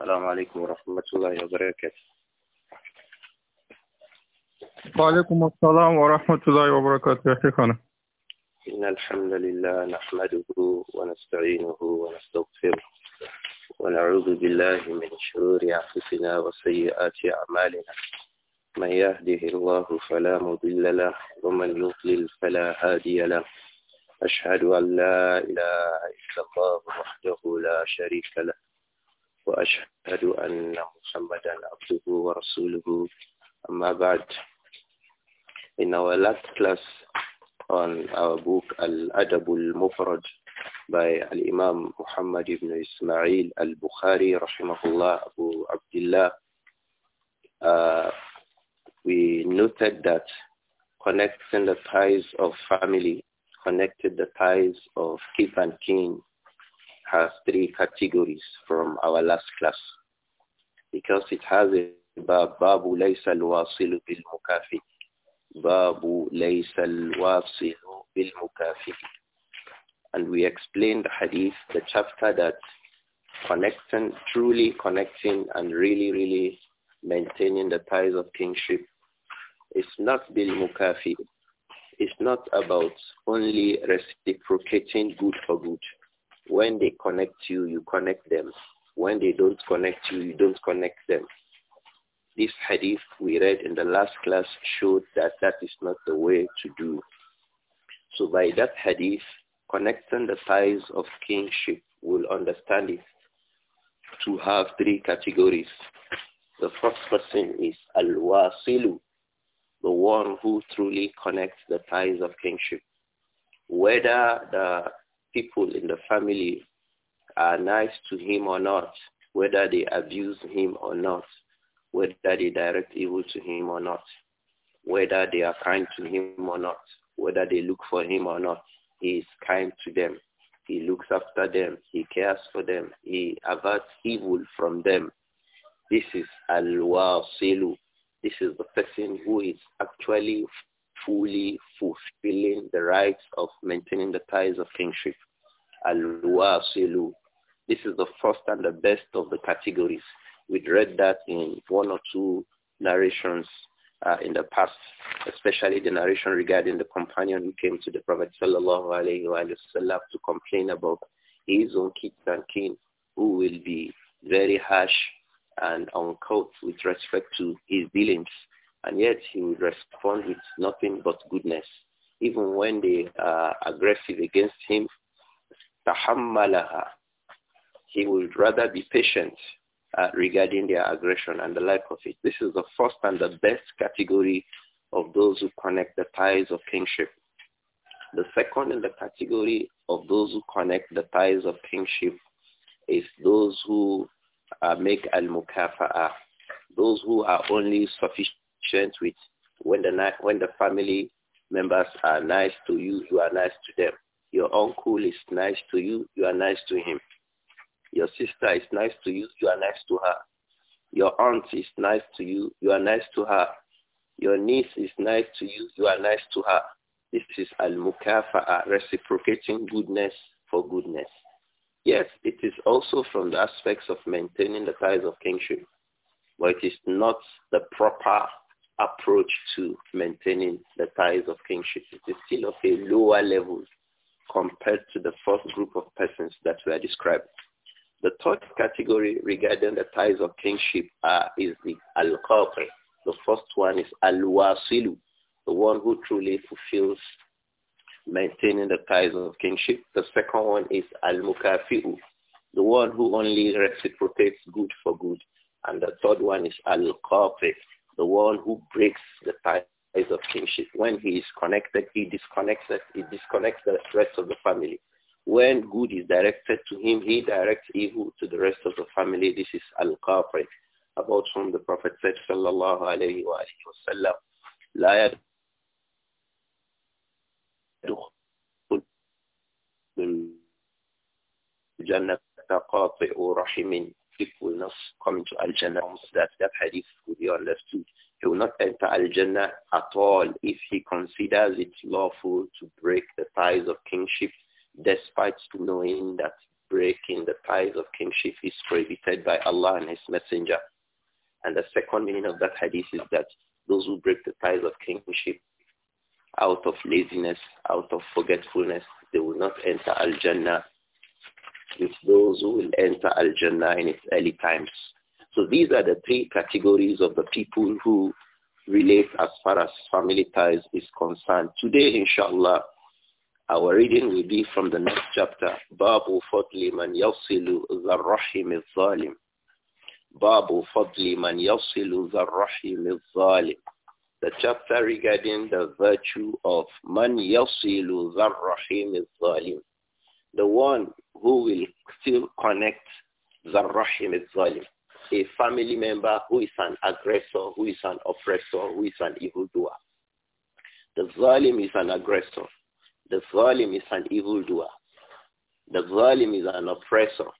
السلام عليكم ورحمة الله وبركاته وعليكم السلام ورحمة الله وبركاته يا شيخنا إن الحمد لله نحمده ونستعينه ونستغفره ونعوذ بالله من شرور أنفسنا وسيئات أعمالنا من يهده الله فلا مضل له ومن يضلل فلا هادي له أشهد أن لا إله إلا الله وحده لا شريك له وأشهد أن محمدا عبده ورسوله أما بعد In our last class on our book Al-Adab al-Mufrad by Al-Imam Muhammad ibn Ismail al-Bukhari rahimahullah Abu Abdullah uh, we noted that connecting the ties of family connected the ties of kith and kin has three categories from our last class because it has a باب باب ليس الواصل بالمكافئ باب ليس الواصل بالمكافئ and we explained the hadith the chapter that connecting truly connecting and really really maintaining the ties of kingship is not bil mukafi it's not about only reciprocating good for good when they connect you, you connect them. When they don't connect you, you don't connect them. This hadith we read in the last class showed that that is not the way to do. So by that hadith, connecting the ties of kingship will understand it to have three categories. The first person is al-wasilu, the one who truly connects the ties of kingship. Whether the people in the family are nice to him or not, whether they abuse him or not, whether they direct evil to him or not, whether they are kind to him or not, whether they look for him or not, he is kind to them. He looks after them. He cares for them. He averts evil from them. This is al-wasilu. This is the person who is actually fully fulfilling the rights of maintaining the ties of kingship al This is the first and the best of the categories. We read that in one or two narrations uh, in the past, especially the narration regarding the companion who came to the Prophet sallallahu alaihi wasallam to complain about his own kids and kin, who will be very harsh and uncouth with respect to his dealings, and yet he would respond with nothing but goodness. Even when they are uh, aggressive against him, تحملها he would rather be patient uh, regarding their aggression and the like of it. This is the first and the best category of those who connect the ties of kingship. The second in the category of those who connect the ties of kingship is those who uh, make al-mukafa'a, those who are only sufficient with when the, when the family members are nice to you, you are nice to them. Your uncle is nice to you, you are nice to him. Your sister is nice to you, you are nice to her. Your aunt is nice to you, you are nice to her. Your niece is nice to you, you are nice to her. This is al-mukafa'a, reciprocating goodness for goodness. Yes, it is also from the aspects of maintaining the ties of kingship, but it is not the proper approach to maintaining the ties of kingship. It is still of a lower level compared to the first group of persons that were described. The third category regarding the ties of kinship is the al -Qabr. The first one is al-wasilu, the one who truly fulfills maintaining the ties of kinship. The second one is al-mukafi'u, the one who only reciprocates good for good. And the third one is al-qati, the one who breaks the ties ties of kinship. When he is connected, he disconnects us. He disconnects the rest of the family. When good is directed to him, he directs evil to the rest of the family. This is al-kafir, about whom the Prophet said, sallallahu alayhi wa sallam, la Jannah qati'u rahimin. People not come into al-Jannah. That, that hadith could be understood. He will not enter Al-Jannah at all if he considers it lawful to break the ties of kingship despite knowing that breaking the ties of kingship is prohibited by Allah and his messenger. And the second meaning of that hadith is that those who break the ties of kingship out of laziness, out of forgetfulness, they will not enter Al-Jannah with those who will enter Al-Jannah in its early times. So these are the three categories of the people who relate as far as family ties is concerned. Today, inshallah, our reading will be from the next chapter, Babu Fadli Man Yasilu Zarrahim Zalim. Babu Fadli Man Yasilu Zarrahim Zalim. The chapter regarding the virtue of Man Yasilu Zarrahim Zalim. The one who will still connect Zarrahim Zalim a family member who is an aggressor, who is an oppressor, who is an evildoer. The zalim is an aggressor. The zalim is an evildoer. The zalim is an oppressor.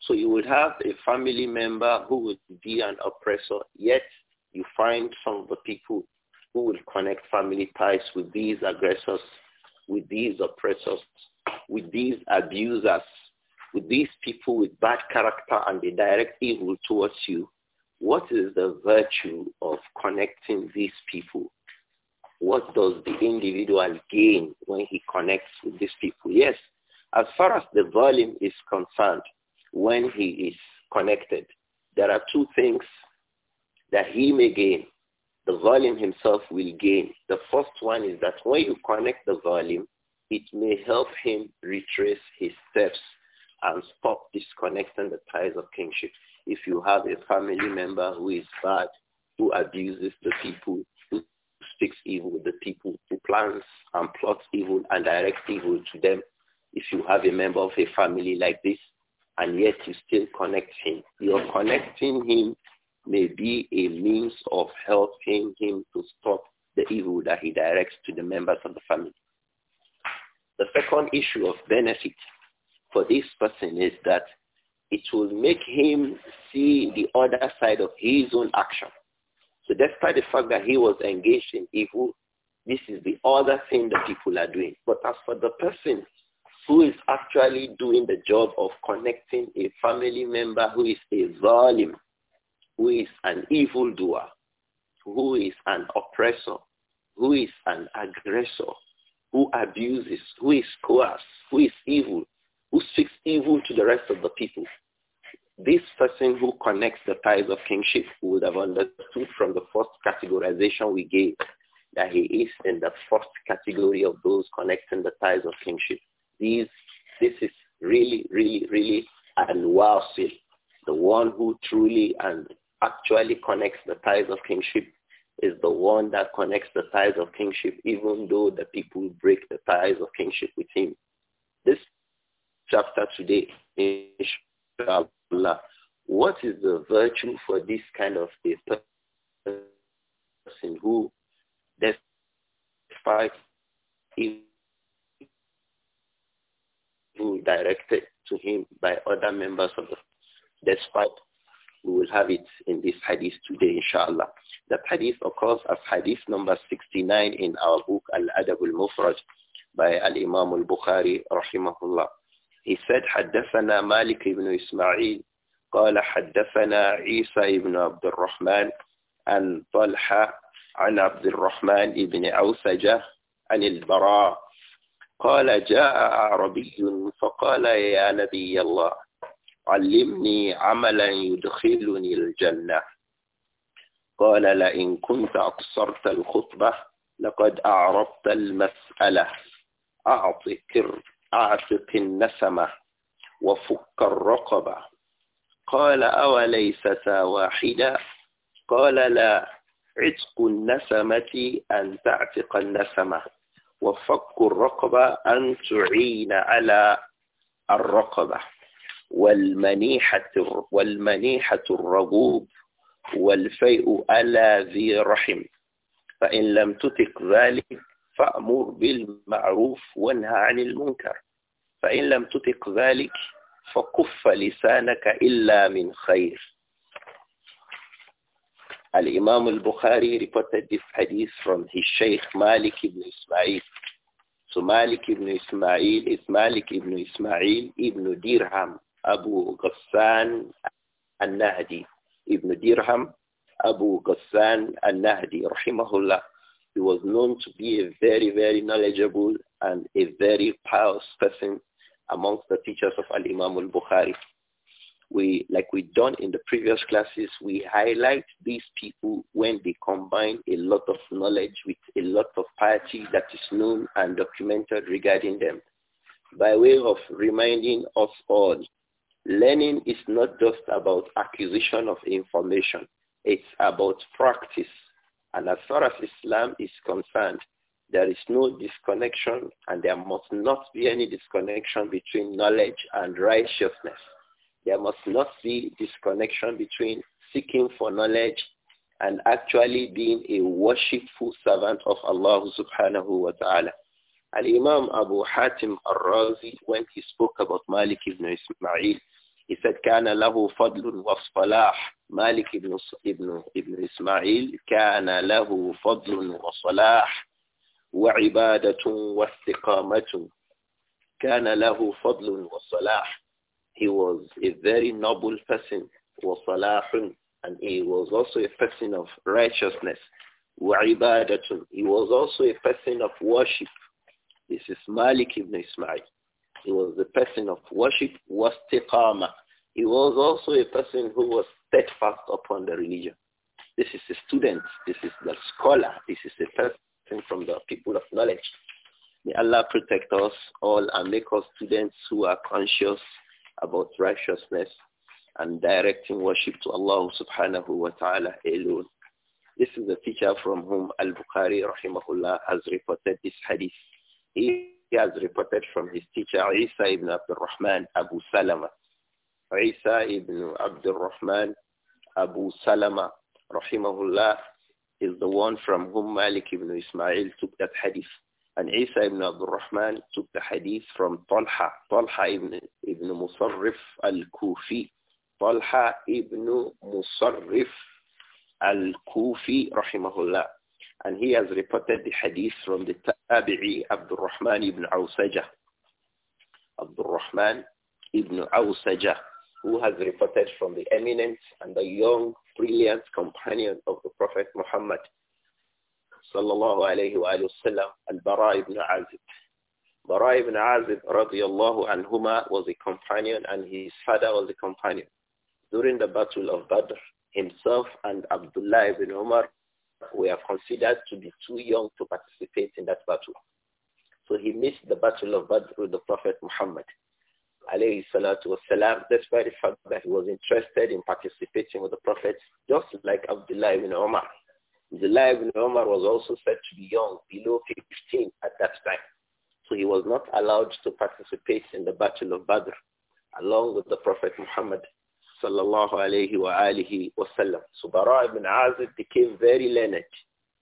So you would have a family member who would be an oppressor, yet you find some of the people who will connect family ties with these aggressors, with these oppressors, with these abusers, with these people with bad character and they direct evil towards you, what is the virtue of connecting these people? What does the individual gain when he connects with these people? Yes, as far as the volume is concerned, when he is connected, there are two things that he may gain. The volume himself will gain. The first one is that when you connect the volume, it may help him retrace his steps and stop disconnecting the ties of kingship. If you have a family member who is bad, who abuses the people, who speaks evil with the people, who plans and plots evil and directs evil to them, if you have a member of a family like this, and yet you still connect him, your connecting him may be a means of helping him to stop the evil that he directs to the members of the family. The second issue of benefit for this person is that it will make him see the other side of his own action. So despite the fact that he was engaged in evil, this is the other thing that people are doing. But as for the person who is actually doing the job of connecting a family member who is a villain, who is an evildoer, who is an oppressor, who is an aggressor, who abuses, who is coerced, who is evil, who speaks evil to the rest of the people. This person who connects the ties of kingship would have understood from the first categorization we gave that he is in the first category of those connecting the ties of kingship. These, this is really, really, really wow! wasil the one who truly and actually connects the ties of kingship is the one that connects the ties of kingship even though the people break the ties of kingship with him. This chapter today, inshallah, what is the virtue for this kind of a person who despite who directed to him by other members of the despite we will have it in this hadith today inshallah. That hadith occurs as hadith number 69 in our book Al-Adab al-Mufraj by Al-Imam al-Bukhari rahimahullah. He said, حدثنا مالك بن إسماعيل قال حدثنا عيسى بن عبد الرحمن عن طلحة عن عبد الرحمن بن أوسجة عن البراء قال جاء أعربي فقال يا نبي الله علمني عملا يدخلني الجنة قال لئن كنت أقصرت الخطبة لقد أعرضت المسألة أعطي كر أعتق النسمة وفك الرقبة قال أوليست واحدة قال لا عتق النسمة أن تعتق النسمة وفك الرقبة أن تعين على الرقبة والمنيحة والمنيحة الرغوب والفيء على ذي رحم فإن لم تتق ذلك فأمر بالمعروف وانهى عن المنكر فإن لم تطق ذلك فكف لسانك إلا من خير الإمام البخاري reported this hadith from his Sheikh Malik ibn Ismail so Malik ibn Ismail is Malik ibn Ismail ibn Dirham Abu Ghassan al-Nahdi ibn Dirham Abu Ghassan al-Nahdi rahimahullah He was known to be a very, very knowledgeable and a very pious person amongst the teachers of Al-Imam al-Bukhari. We, like we have done in the previous classes, we highlight these people when they combine a lot of knowledge with a lot of piety that is known and documented regarding them. By way of reminding us all, learning is not just about acquisition of information. It's about practice. And as far as Islam is concerned, there is no disconnection and there must not be any disconnection between knowledge and righteousness. There must not be disconnection between seeking for knowledge and actually being a worshipful servant of Allah subhanahu wa ta'ala. Al-Imam Abu Hatim al-Razi, when he spoke about Malik ibn Ismail, he said, كان له فضل وصلاح مالك كان له فضل وصلاح وعبادة واستقامة كان له فضل وصلاح He was a very noble person وصلاح and he was also a person of righteousness وعبادة He was also a person of worship This is Malik ibn Ismail He was a person of worship واستقامة he was also a person who was steadfast upon the religion. This is a student. This is the scholar. This is a person from the people of knowledge. May Allah protect us all and make us students who are conscious about righteousness and directing worship to Allah subhanahu wa ta'ala alone. This is the teacher from whom Al-Bukhari rahimahullah has reported this hadith. He has reported from his teacher Isa ibn Abdul Rahman Abu Salama. ابن ibn الرحمن أبو Abu Salama, الله is the one from whom Malik ibn Ismail took that hadith. And Isa ibn Abdul Rahman took the hadith from Talha, Talha ibn, ibn Musarrif al-Kufi. Talha ibn Musarrif al-Kufi, rahimahullah. And he has reported the hadith from the Tabi'i Abdul Rahman ibn Awsajah. Abdul Rahman ibn Awsajah who has reported from the eminent and the young, brilliant companion of the Prophet Muhammad sallallahu alayhi wa sallam, Al-Bara ibn Azib. Bara ibn Azib radiyallahu anhuma was a companion and his father was a companion. During the Battle of Badr, himself and Abdullah ibn Umar were considered to be too young to participate in that battle. So he missed the Battle of Badr with the Prophet Muhammad alayhi salatu wasalam, despite the fact that he was interested in participating with the Prophet, just like Abdullah ibn Umar. Abdullah ibn was also said to be young, below 15 at that time. So he was not allowed to participate in the Battle of Badr along with the Prophet Muhammad sallallahu alayhi wa alihi wasallam. So Bara ibn Azib became very learned,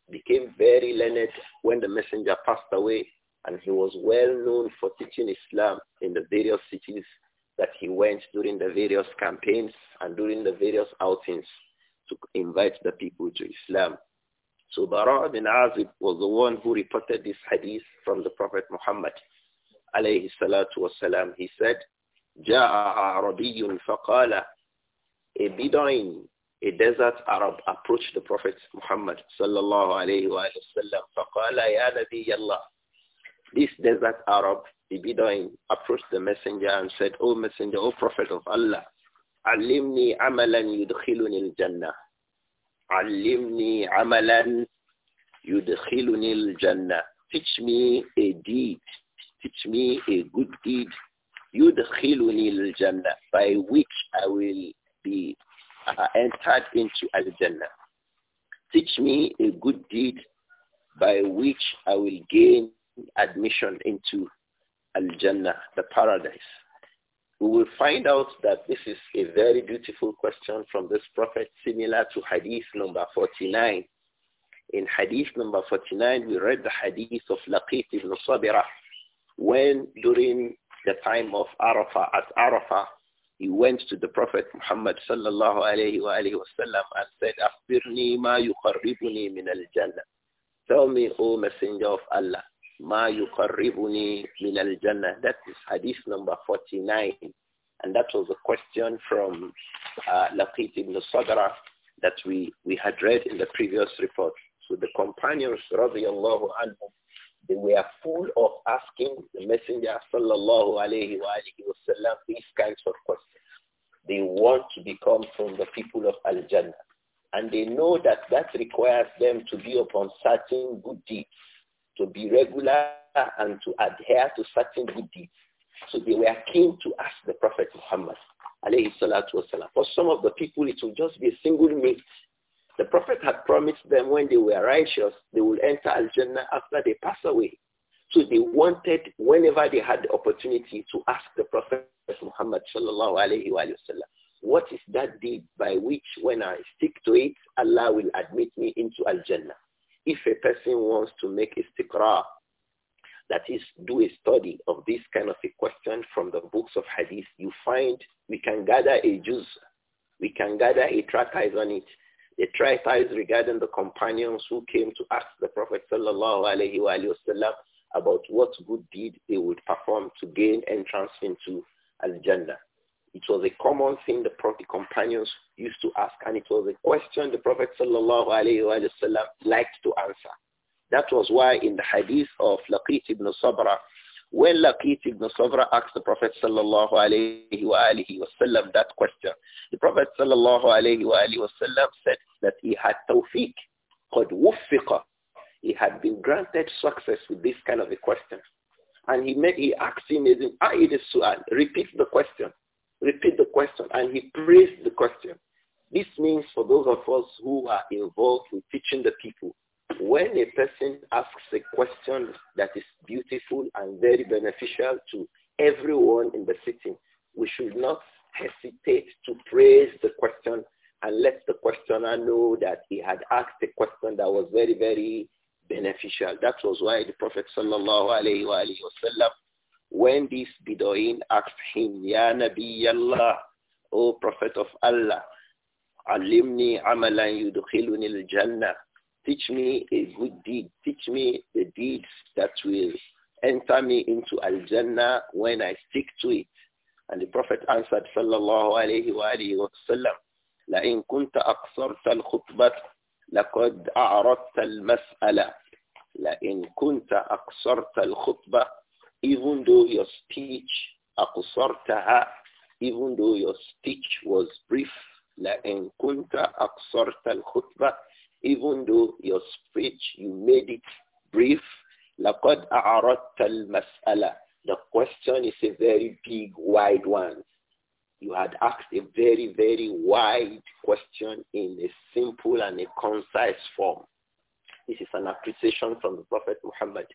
became very learned when the messenger passed away and he was well known for teaching Islam in the various cities that he went during the various campaigns and during the various outings to invite the people to Islam. So Bara bin Azib was the one who reported this hadith from the Prophet Muhammad. Alayhi salatu wasalam. He said, جَاءَ عَرَبِيٌّ فَقَالَ A Bedouin, a desert Arab, approached the Prophet Muhammad sallallahu alayhi wa sallam. فَقَالَ يَا نَبِيَ اللَّهِ this desert Arab, Ibidoin, approached the messenger and said, O messenger, O prophet of Allah, علمني عملا يدخلني الجنة علمني عملا يدخلني الجنة teach me a deed teach me a good deed يدخلني Jannah by which I will be uh, entered into al-Jannah teach me a good deed by which I will gain admission into Al-Jannah, the paradise? We will find out that this is a very beautiful question from this prophet similar to hadith number 49. In hadith number 49, we read the hadith of Laqit ibn Sabirah when during the time of Arafah, at Arafah, he went to the Prophet Muhammad sallallahu alayhi wa alayhi wa sallam and said, أَخْبِرْنِي مَا يُقَرِّبُنِي مِنَ الْجَنَّةِ Tell me, O Messenger of Allah, ma yuqarribuni min al-jannah. That is hadith number 49. And that was a question from uh, Laqit ibn Sadra that we, we had read in the previous report. So the companions, radiallahu anhum, they were full of asking the Messenger, sallallahu alayhi wa alayhi wa sallam, these kinds of questions. They want to become from the people of Al-Jannah. And they know that that requires them to be upon certain good deeds to be regular and to adhere to certain good deeds. So they were keen to ask the Prophet Muhammad, For some of the people, it will just be a single meal. The Prophet had promised them when they were righteous, they will enter Al-Jannah after they pass away. So they wanted, whenever they had the opportunity, to ask the Prophet Muhammad what is that deed by which when I stick to it, Allah will admit me into Al-Jannah? if a person wants to make istiqra, that is, do a study of this kind of a question from the books of hadith, you find we can gather a juz, we can gather a tractise on it, a tractise regarding the companions who came to ask the Prophet sallallahu alaihi wasallam about what good deed they would perform to gain entrance into al-Jannah. It was a common thing the, prophet companions used to ask, and it was a question the Prophet sallallahu liked to answer. That was why in the hadith of Laqit ibn Sabra, when Laqit ibn Sabra asked the Prophet sallallahu alayhi wasallam that question, the Prophet sallallahu alayhi wasallam said that he had tawfiq, qad wuffiqa. He had been granted success with this kind of a question. And he made, he asked him, Aid ah, su'al, repeat the question repeat the question and he praised the question. This means for those of us who are involved in teaching the people, when a person asks a question that is beautiful and very beneficial to everyone in the sitting, we should not hesitate to praise the question and let the questioner know that he had asked a question that was very, very beneficial. That was why the Prophet sallallahu alayhi wasallam. When this Bedouin asked him, Ya Nabi Allah, O Prophet of Allah, Alimni amalan yudkhiluni al-jannah. Teach me a good deed. Teach me the deeds that will enter me into al-jannah when I stick to it. And the Prophet answered, sallallahu alayhi wa alihi wa sallam, لَإِن كُنْتَ أَقْصَرْتَ الْخُطْبَةِ لَقَدْ أَعْرَضْتَ الْمَسْأَلَةِ لَإِن كُنْتَ أَقْصَرْتَ الْخُطْبَةِ even though your speech, أقصرتها, even though your speech was brief, لَإِن كُنْتَ أَقْصَرْتَ الْخُطْبَةِ even though your speech, you made it brief, لَقَدْ أَعْرَضْتَ الْمَسْأَلَةِ The question is a very big, wide one. You had asked a very, very wide question in a simple and a concise form. This is an appreciation from the Prophet Muhammad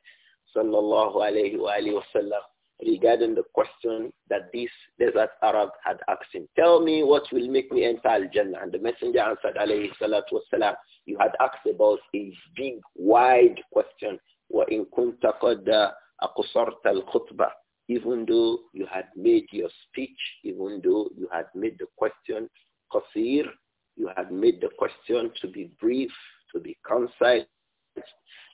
sallallahu alayhi wa, alayhi regarding the question that this desert Arab had asked him. Tell me what will make me enter Al-Jannah. And the messenger answered, alayhi salatu wasalam, you had asked about a big, wide question. وَإِن كُنْتَ قَدْ أَقْصَرْتَ الْخُطْبَةِ Even though you had made your speech, even though you had made the question qasir, you had made the question to be brief, to be concise.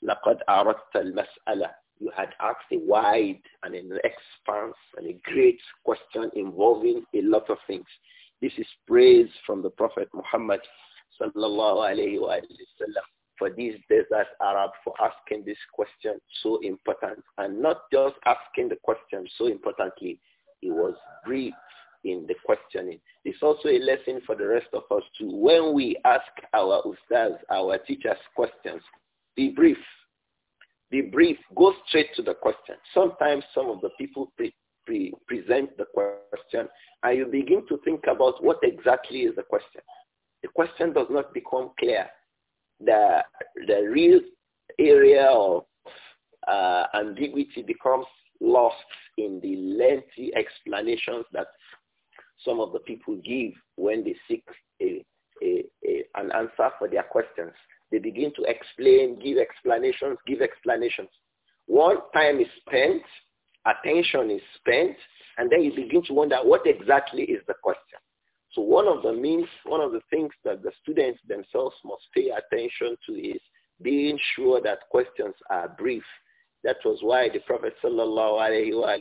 لَقَدْ أَرَدْتَ الْمَسْأَلَةِ you had asked a wide and an expanse and a great question involving a lot of things. This is praise from the Prophet Muhammad sallallahu alayhi wa sallam for this desert Arab for asking this question so important and not just asking the question so importantly, he was brief in the questioning. It's also a lesson for the rest of us too. When we ask our ustads, our teachers questions, be brief be brief. Go straight to the question. Sometimes some of the people pre pre present the question and you begin to think about what exactly is the question. The question does not become clear. The, the real area of uh, ambiguity becomes lost in the lengthy explanations that some of the people give when they seek a, a, a, an answer for their questions. They begin to explain, give explanations, give explanations. One time is spent, attention is spent, and then you begin to wonder what exactly is the question. So one of the means, one of the things that the students themselves must pay attention to is being sure that questions are brief. That was why the Prophet sallallahu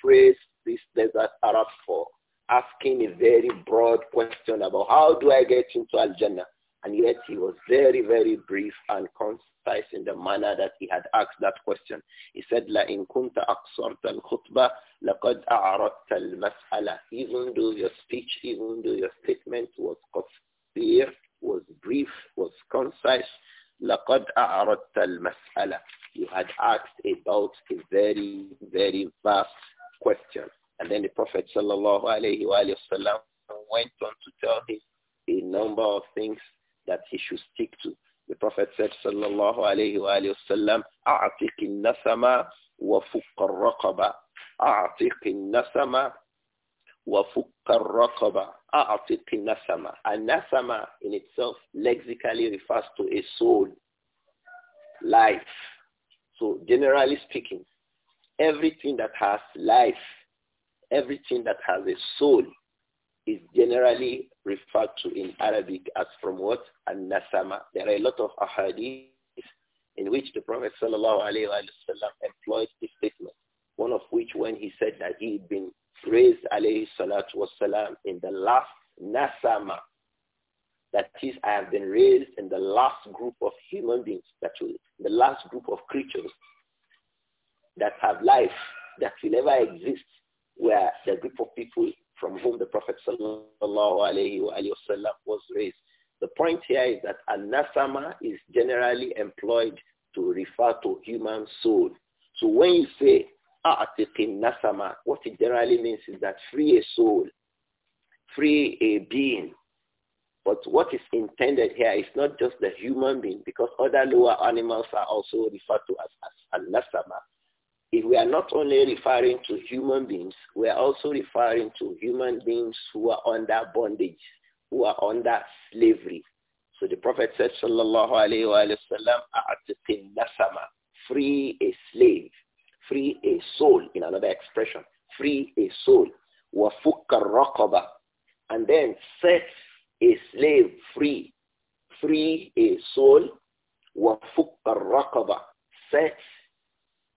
praised this desert Arab for asking a very broad question about how do I get into Al-Jannah? And yet he was very, very brief and concise in the manner that he had asked that question. He said, لَإِن كُنْتَ أَقْصَرْتَ الْخُطْبَةِ لَقَدْ أَعْرَضْتَ الْمَسْأَلَةِ Even though your speech, even though your statement was clear, was brief, was concise, لَقَدْ أَعْرَضْتَ الْمَسْأَلَةِ You had asked about a very, very vast question. And then the Prophet sallallahu alayhi wa sallam, went on to tell him a number of things that he should stick to. The Prophet said, sallallahu alayhi wa sallam, أَعْتِقِ النَّسَمَ وَفُقَّ nasama wa النَّسَمَ وَفُقَّ الرَّقَبَ nasama. النَّسَمَ nasama in itself lexically refers to a soul, life. So generally speaking, everything that has life, everything that has a soul is generally referred to in Arabic as from what? An-Nasama. There are a lot of ahadith in which the Prophet sallallahu employed this statement, one of which when he said that he had been raised alayhi in the last Nasama, that is, I have been raised in the last group of human beings, that will, the last group of creatures that have life, that will ever exist, where the group of people from whom the Prophet sallallahu was raised. The point here is that anasama is generally employed to refer to human soul. So when you say a'atiqin anasama, what it generally means is that free a soul, free a being. But what is intended here is not just the human being because other lower animals are also referred to as, as if we are not only referring to human beings, we are also referring to human beings who are under bondage, who are under slavery. So the Prophet said, Sallallahu Alaihi Wasallam, nasama, free a slave, free a soul, in another expression, free a soul, wa raqaba, and then set a slave free, free a soul, wa raqaba, set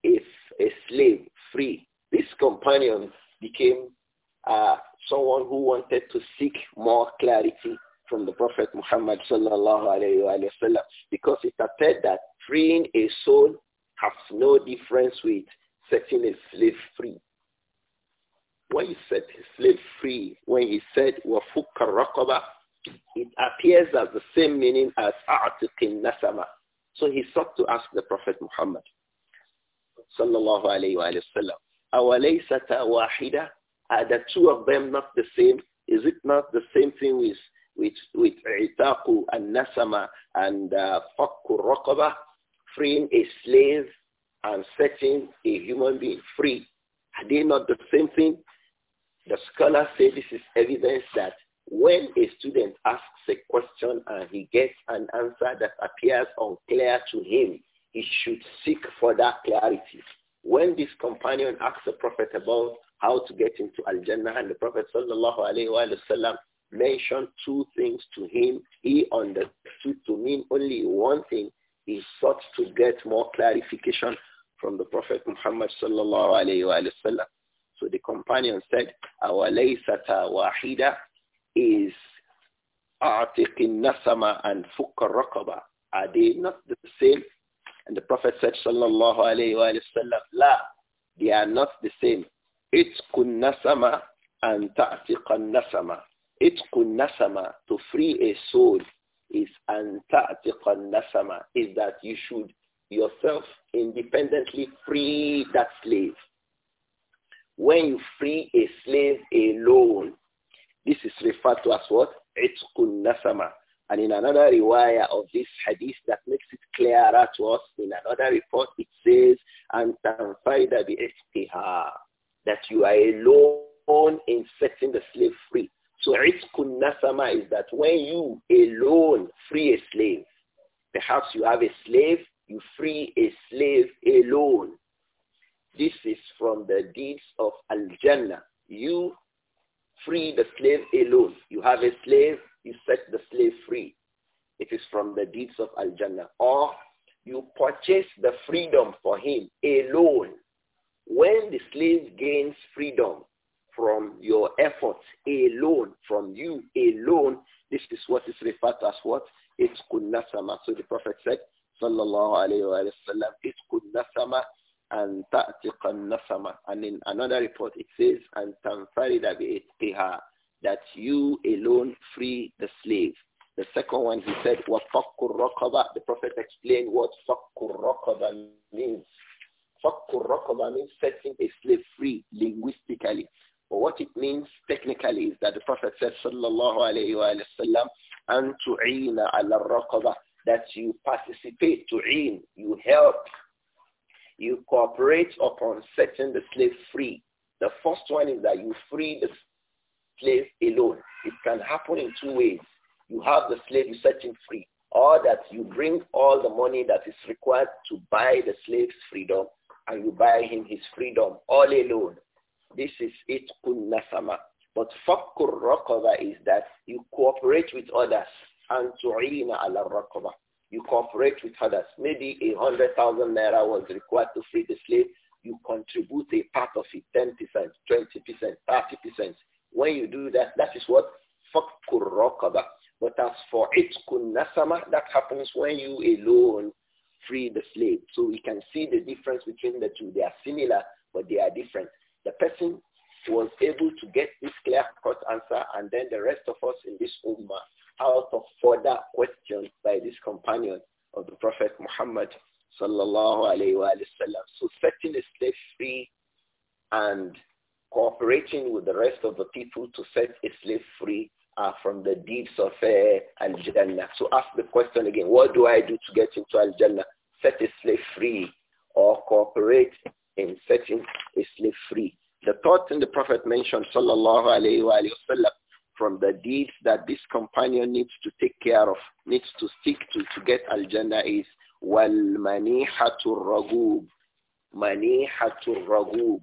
a a slave, free. This companion became uh, someone who wanted to seek more clarity from the Prophet Muhammad sallallahu alayhi wa sallam because it appeared that freeing a soul has no difference with setting a slave free. When he set his slave free, when he said wafuk raqaba, it appears as the same meaning as a'tiqin nasama. So he sought to ask the Prophet Muhammad sallallahu alayhi wa sallam. Awalaysata wahida? Are the two of them not the same? Is it not the same thing with with with itaqu and nasama and uh, fakku uh, freeing a slave and setting a human being free? Are they not the same thing? The scholar say this is evidence that when a student asks a question and he gets an answer that appears unclear to him, he should seek for that clarity. When this companion asked the Prophet about how to get into Al-Jannah and the Prophet sallallahu alayhi wa sallam mentioned two things to him, he understood to mean only one thing. He sought to get more clarification from the Prophet Muhammad sallallahu alayhi wa sallam. So the companion said, Awalaysata wahida is a'tiqin nasama and fukar Are they not the same? And the Prophet said, sallallahu alayhi wasallam, la, they are not the same. Itqun nasama and ta'tiqan nasama. Itqun nasama, to free a soul, is an ta'tiqan nasama, is that you should yourself independently free that slave. When you free a slave alone, this is referred to as what? Itqun nasama. And in another riwayah of this hadith that makes it clearer to us, in another report it says, and tanfaida bi'itqiha, that you are alone in setting the slave free. So itkun nasama is that when you alone free a slave, perhaps you have a slave, you free a slave alone. This is from the deeds of Al-Jannah. You free the slave alone. You have a slave, you set the slave free. It is from the deeds of Al-Jannah. Or you purchase the freedom for him alone. When the slave gains freedom from your efforts alone, from you alone, this is what is referred to as what? It's kunnasama. So the Prophet said, sallallahu alayhi wa sallam, it's kunnasama and ta'tiqan nasama. And in another report it says, and tanfarida bi'itqiha that you alone free the slave. The second one, he said, وَفَقُّ الرَّقَبَ The Prophet explained what فَقُّ الرَّقَبَ means. فَقُّ الرَّقَبَ means setting a slave free linguistically. But what it means technically is that the Prophet said, sallallahu alayhi wasallam antu'ina al rakaba That you participate, tu'in, you help, you cooperate upon setting the slave free. The first one is that you free the slave alone. It can happen in two ways. You have the slave, you are setting free, or that you bring all the money that is required to buy the slave's freedom, and you buy him his freedom all alone. This is it nasama. But fakur raqaba is that you cooperate with others and tu'ina ala raqaba. You cooperate with others. Maybe a hundred thousand naira was required to free the slave. You contribute a part of it, ten percent, twenty percent, thirty percent when you do that, that is what fakkur But as for itkun nasama, that happens when you alone free the slave. So we can see the difference between the two. They are similar, but they are different. The person was able to get this clear-cut answer, and then the rest of us in this ummah, out of further questions by this companion of the Prophet Muhammad sallallahu alayhi wa So setting a slave free and cooperating with the rest of the people to set a slave free uh, from the deeds of uh, Al-Jannah. So ask the question again, what do I do to get into Al-Jannah? Set a slave free or cooperate in setting a slave free. The third thing the Prophet mentioned, sallallahu alayhi wa, sallam, from the deeds that this companion needs to take care of, needs to stick to to get Al-Jannah is wal manihatul ragub. Manihatul ragub.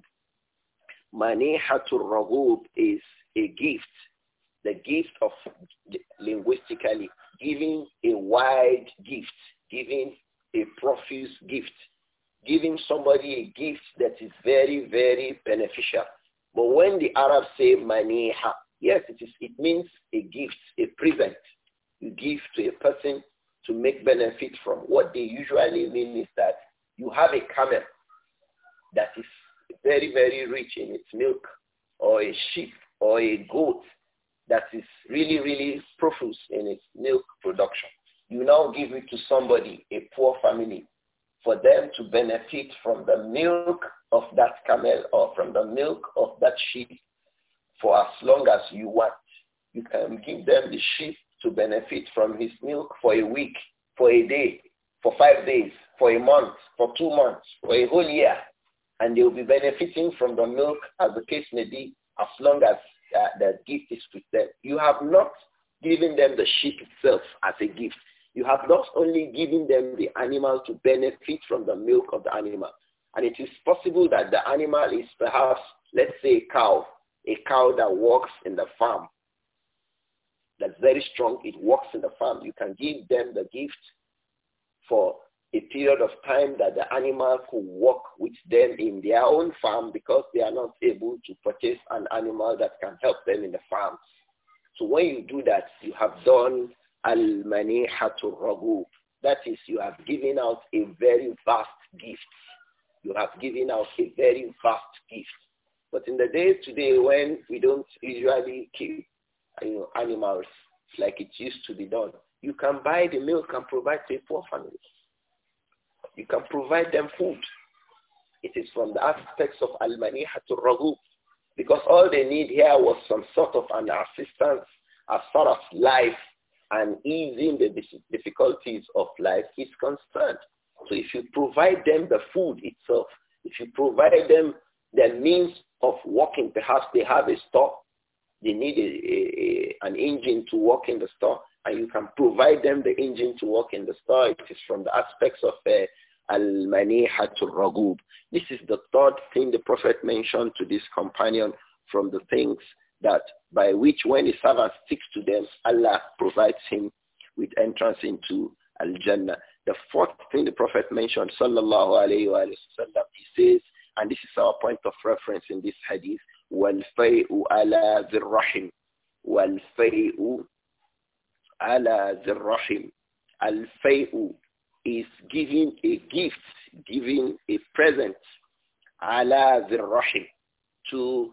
Manihatul ragub is a gift, the gift of linguistically giving a wide gift, giving a profuse gift, giving somebody a gift that is very, very beneficial. But when the Arabs say maniha, yes, it, is, it means a gift, a present you give to a person to make benefit from. What they usually mean is that you have a camel very, very rich in its milk, or a sheep, or a goat that is really, really profuse in its milk production. You now give it to somebody, a poor family, for them to benefit from the milk of that camel or from the milk of that sheep for as long as you want. You can give them the sheep to benefit from his milk for a week, for a day, for five days, for a month, for two months, for a whole year they will be benefiting from the milk as the case may be as long as uh, the gift is with them. You have not given them the sheep itself as a gift. You have not only given them the animal to benefit from the milk of the animal. And it is possible that the animal is perhaps, let's say a cow, a cow that works in the farm. That's very strong. It works in the farm. You can give them the gift for a period of time that the animal could work them in their own farm because they are not able to purchase an animal that can help them in the farm. So when you do that, you have done al-manihatul ragu. That is, you have given out a very vast gift. You have given out a very vast gift. But in the days today when we don't usually kill you know, animals like it used to be done, you can buy the milk and provide to a poor family. You can provide them food is from the aspects of al-manihatul raghub because all they need here was some sort of an assistance as far as life and easing the difficulties of life is concerned. So if you provide them the food itself, if you provide them the means of walking, perhaps they have a store, they need a, a, a, an engine to walk in the store, and you can provide them the engine to walk in the store. It is from the aspects of uh, Al-Manihatul Ragub. This is the third thing the Prophet mentioned to this companion from the things that by which when a servant sticks to them, Allah provides him with entrance into Al-Jannah. The fourth thing the Prophet mentioned, sallallahu alayhi wasallam. he says, and this is our point of reference in this hadith, وَالْفَيْءُ عَلَى ذِي الرَّحِمِ وَالْفَيْءُ عَلَى ذِي الرَّحِمِ الْفَيْءُ is giving a gift, giving a present, ala rahim to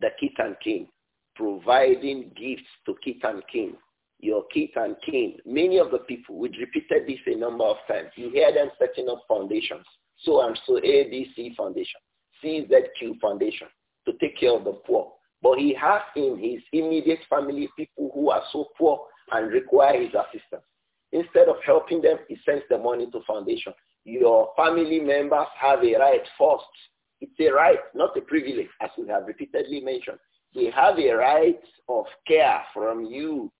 the kitan king, providing gifts to kitan king, your kitan king. Many of the people, we repeated this a number of times. You hear them setting up foundations, so and so ABC foundation, CZQ foundation, to take care of the poor. But he has in his immediate family people who are so poor and require his assistance. Instead of helping them, he sends the money to foundation. Your family members have a right first. It's a right, not a privilege, as we have repeatedly mentioned. They have a right of care from you.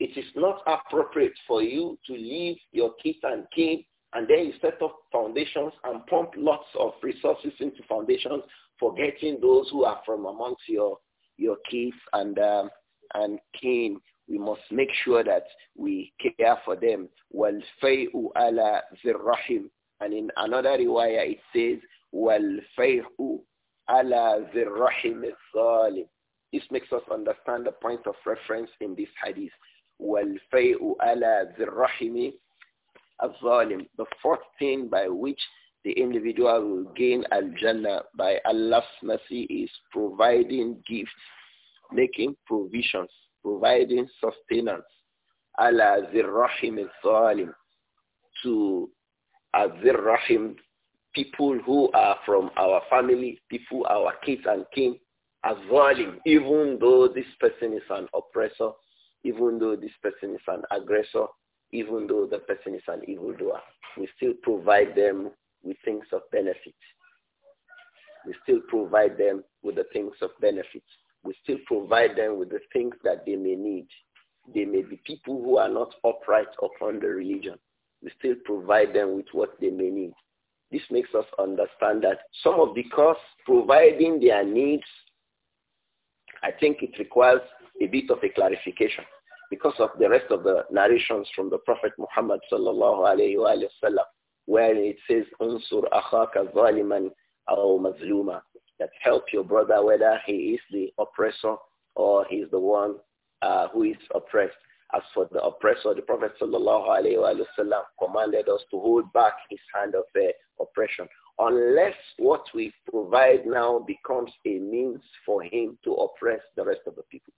It is not appropriate for you to leave your kids and kin and then you set up foundations and pump lots of resources into foundations, forgetting those who are from amongst your your kids and um, and kin we must make sure that we care for them. وَالْفَيْءُ عَلَى ذِي الرَّحِمِ And in another ayah it says, وَالْفَيْءُ عَلَى ذِي الرَّحِمِ الظَّالِمِ This makes us understand the point of reference in this hadith. وَالْفَيْءُ عَلَى ذِي الرَّحِمِ الظَّالِمِ The fourth thing by which the individual will gain al-Jannah by Allah's mercy is providing gifts, making provisions providing sustenance ala zirrahim salim to azirrahim people who are from our family, people, our kids and kin, azalim, even though this person is an oppressor, even though this person is an aggressor, even though the person is an evildoer. We still provide them with things of benefit. We still provide them with the things of benefit we still provide them with the things that they may need. They may be people who are not upright upon the religion. We still provide them with what they may need. This makes us understand that some of the costs providing their needs, I think it requires a bit of a clarification because of the rest of the narrations from the Prophet Muhammad sallallahu alayhi wa sallam, where it says, "Unsur akhaka zaliman aw mazluma." that help your brother whether he is the oppressor or he is the one uh, who is oppressed. As for the oppressor, the Prophet ﷺ commanded us to hold back his hand of uh, oppression unless what we provide now becomes a means for him to oppress the rest of the people.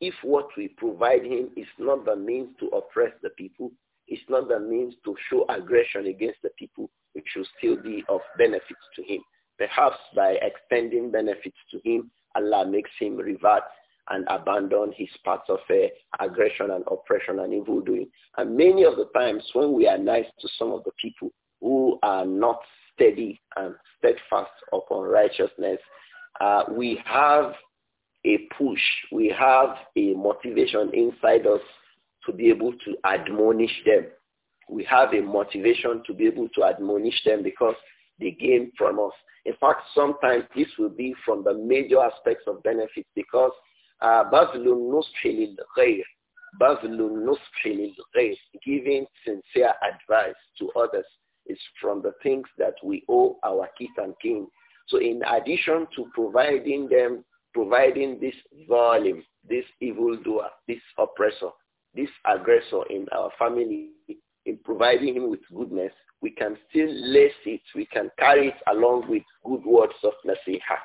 If what we provide him is not the means to oppress the people, it's not the means to show aggression against the people, it should still be of benefit to him. Perhaps by extending benefits to him, Allah makes him revert and abandon his paths of uh, aggression and oppression and evil doing. And many of the times when we are nice to some of the people who are not steady and steadfast upon righteousness, uh, we have a push, we have a motivation inside us to be able to admonish them. We have a motivation to be able to admonish them because the gain from us. In fact, sometimes this will be from the major aspects of benefits because uh, giving sincere advice to others is from the things that we owe our kith and kin. So in addition to providing them, providing this volume, this evildoer, this oppressor, this aggressor in our family, in providing him with goodness, we can still lace it, we can carry it along with good words of nasiha,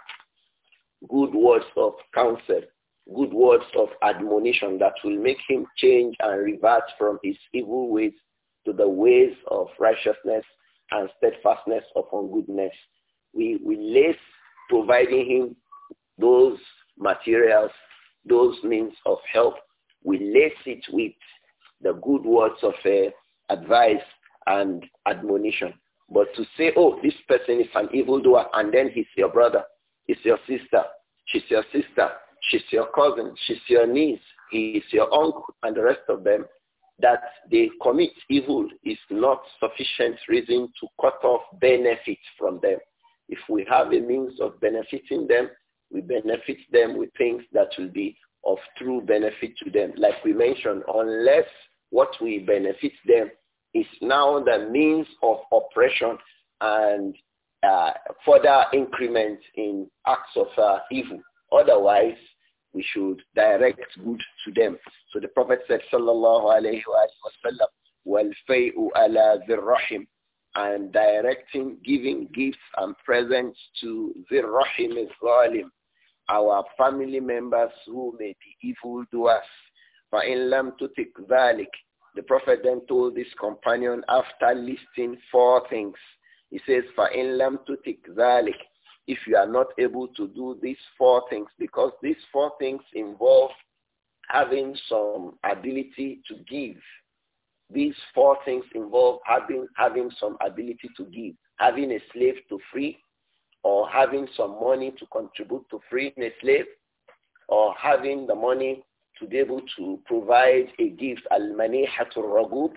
good words of counsel, good words of admonition that will make him change and revert from his evil ways to the ways of righteousness and steadfastness upon goodness. We, we lace providing him those materials, those means of help. We lace it with the good words of uh, advice and admonition. But to say, oh, this person is an evildoer, and then he's your brother, he's your sister, she's your sister, she's your cousin, she's your niece, he's your uncle, and the rest of them, that they commit evil is not sufficient reason to cut off benefits from them. If we have a means of benefiting them, we benefit them with things that will be of true benefit to them. Like we mentioned, unless what we benefit them is now the means of oppression and uh, further increment in acts of uh, evil. Otherwise, we should direct good to them. So the Prophet said, Sallallahu Alaihi Wasallam, وَالْفَيْءُ عَلَى and directing, giving gifts and presents to Zirrahim Zalim, our family members who may be evil doers. فَإِنْ لَمْ تُتِكْ ذَلِكَ the Prophet then told this companion after listing four things. He says, فَإِنْ لَمْ تُتِكْ If you are not able to do these four things, because these four things involve having some ability to give. These four things involve having, having some ability to give, having a slave to free, or having some money to contribute to freeing a slave, or having the money to be able to provide a gift, al-manihatul ragub,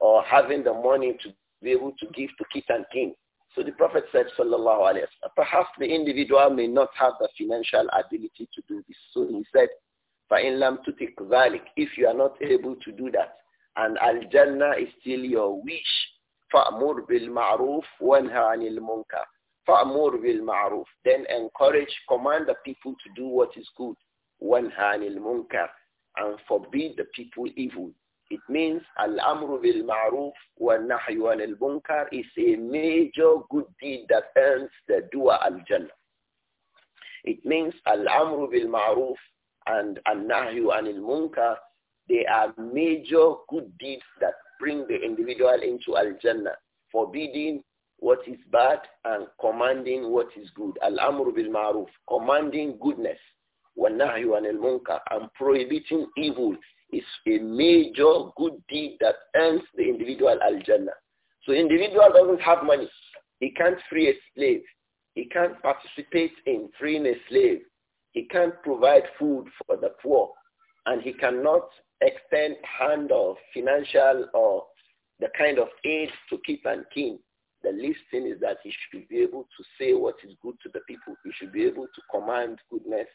or having the money to be able to give to kit and king. So the Prophet said, sallallahu alayhi wa perhaps the individual may not have the financial ability to do this. So he said, فَإِنْ لَمْ تُتِكْ ذَلِكَ If you are not able to do that, and Al-Jannah is still your wish, فَأْمُرْ بِالْمَعْرُوفِ وَانْهَى عَنِ الْمُنْكَرِ فَأْمُرْ بِالْمَعْرُوفِ Then encourage, command the people to do what is good and forbid the people evil. It means al-amru bil ma'ruf wa nahyu anil munkar is a major good deed that earns the dua al-jannah. It means al-amru bil ma'ruf and al-nahyu anil munkar, they are major good deeds that bring the individual into al-jannah, forbidding what is bad and commanding what is good. Al-amru bil ma'ruf, commanding goodness and prohibiting evil is a major good deed that earns the individual al-Jannah. So individual doesn't have money. He can't free a slave. He can't participate in freeing a slave. He can't provide food for the poor. And he cannot extend hand of financial or the kind of aid to keep and kin. The least thing is that he should be able to say what is good to the people. He should be able to command goodness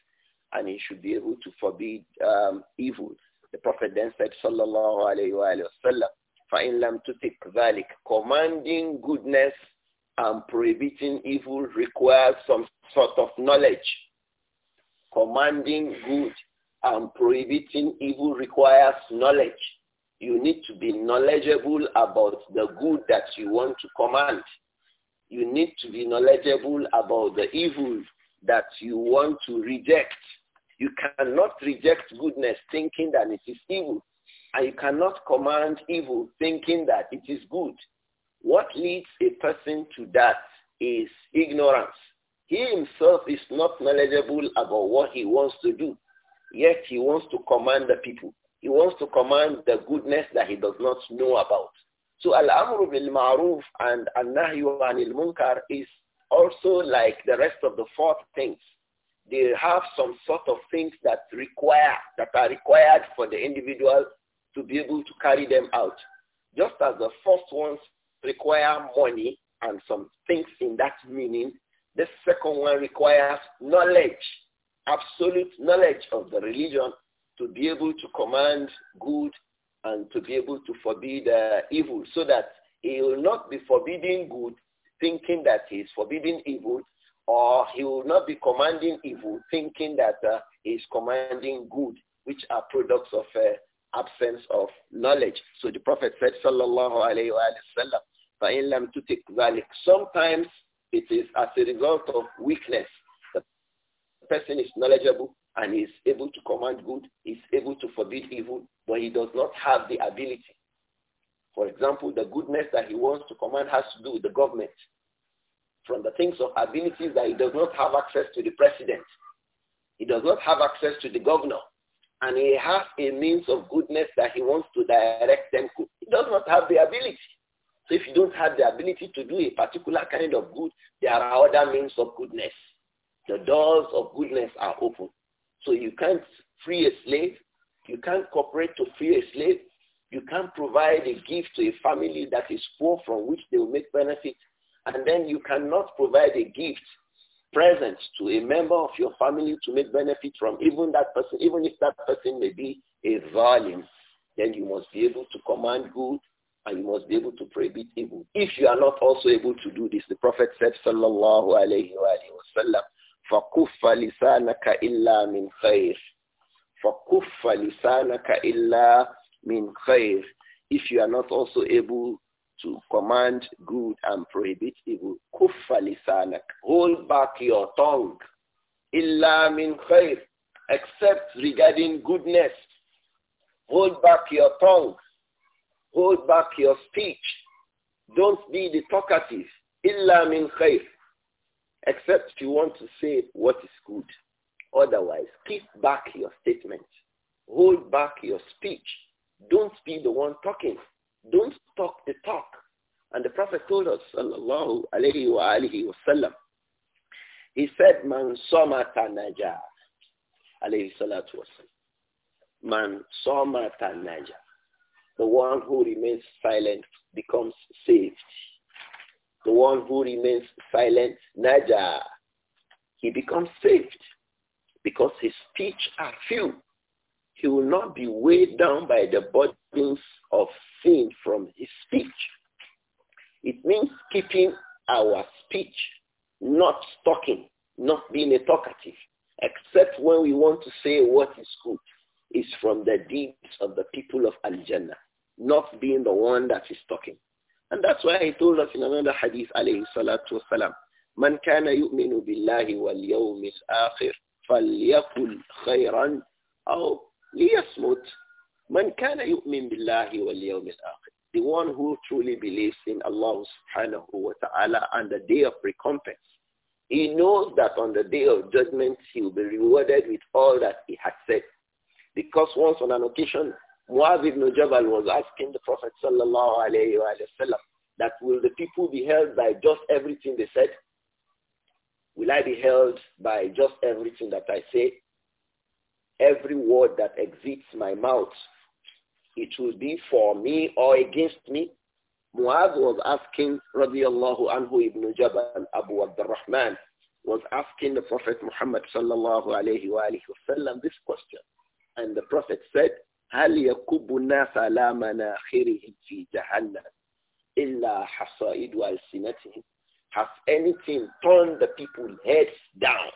and he should be able to forbid um, evil. The Prophet then said, Sallallahu Alaihi Wasallam, فَإِنْ لَمْ تُتِقْ ذَلِكَ Commanding goodness and prohibiting evil requires some sort of knowledge. Commanding good and prohibiting evil requires knowledge. You need to be knowledgeable about the good that you want to command. You need to be knowledgeable about the evil that you want to reject. You cannot reject goodness thinking that it is evil. And you cannot command evil thinking that it is good. What leads a person to that is ignorance. He himself is not knowledgeable about what he wants to do, yet he wants to command the people. He wants to command the goodness that he does not know about. So al-amru bil ma'ruf and an-nahyu anil munkar is also like the rest of the four things they have some sort of things that require, that are required for the individual to be able to carry them out. Just as the first ones require money and some things in that meaning, the second one requires knowledge, absolute knowledge of the religion to be able to command good and to be able to forbid uh, evil so that he will not be forbidding good thinking that he is forbidding evil or he will not be commanding evil, thinking that uh, he is commanding good, which are products of uh, absence of knowledge. So the Prophet said, Sallallahu Alaihi Wasallam, فَإِنْ لَمْ تُتِكْ ذَلِكْ Sometimes it is as a result of weakness. The person is knowledgeable and is able to command good, is able to forbid evil, but he does not have the ability. For example, the goodness that he wants to command has to do with the government from the things of abilities that he does not have access to the president. He does not have access to the governor. And he has a means of goodness that he wants to direct them to. He does not have the ability. So if you don't have the ability to do a particular kind of good, there are other means of goodness. The doors of goodness are open. So you can't free a slave. You can't cooperate to free a slave. You can't provide a gift to a family that is poor from which they will make benefit and then you cannot provide a gift, present to a member of your family to make benefit from even that person, even if that person may be a villain. then you must be able to command good and you must be able to prohibit evil. If you are not also able to do this, the Prophet said, Sallallahu alayhi wa sallam, فَكُفَّ لِسَانَكَ إِلَّا مِنْ خَيْرٍ فَكُفَّ لِسَانَكَ إِلَّا مِنْ خَيْرٍ If you are not also able to command good and prohibit evil. Kufali lisanak. Hold back your tongue. Illa min khair. Except regarding goodness. Hold back your tongue. Hold back your speech. Don't be the talkative. Illa min khair. Except you want to say what is good. Otherwise, keep back your statement. Hold back your speech. Don't be the one talking. Don't talk the talk. And the Prophet told us, sallallahu alayhi wa alihi wasallam, he said, man somata naja, alayhi salatu wasallam. Man somata naja. The one who remains silent becomes saved. The one who remains silent, naja, he becomes saved because his speech are few. He will not be weighed down by the burdens of sin from his speech. It means keeping our speech, not talking, not being a talkative, except when we want to say what is good is from the deeds of the people of Al-Jannah, not being the one that is talking. And that's why he told us in another hadith, alayhi salatu wasalam, من كان يؤمن بالله واليوم الآخر فليقل خيرا أو ليصمت من كان يؤمن بالله واليوم الآخر the one who truly believes in Allah subhanahu wa ta'ala and the day of recompense. He knows that on the day of judgment, he will be rewarded with all that he had said. Because once on an occasion, Muaz ibn Jabal was asking the Prophet sallallahu alayhi wa sallam, that will the people be held by just everything they said? Will I be held by just everything that I say? every word that exits my mouth, it will be for me or against me. Muaz was asking, radiallahu anhu ibn Jabal, Abu Abdurrahman, was asking the Prophet Muhammad sallallahu alayhi wa alayhi this question. And the Prophet said, هل يكب الناس مناخرهم في جهنم إلا حصائد Has anything turned the people's heads down?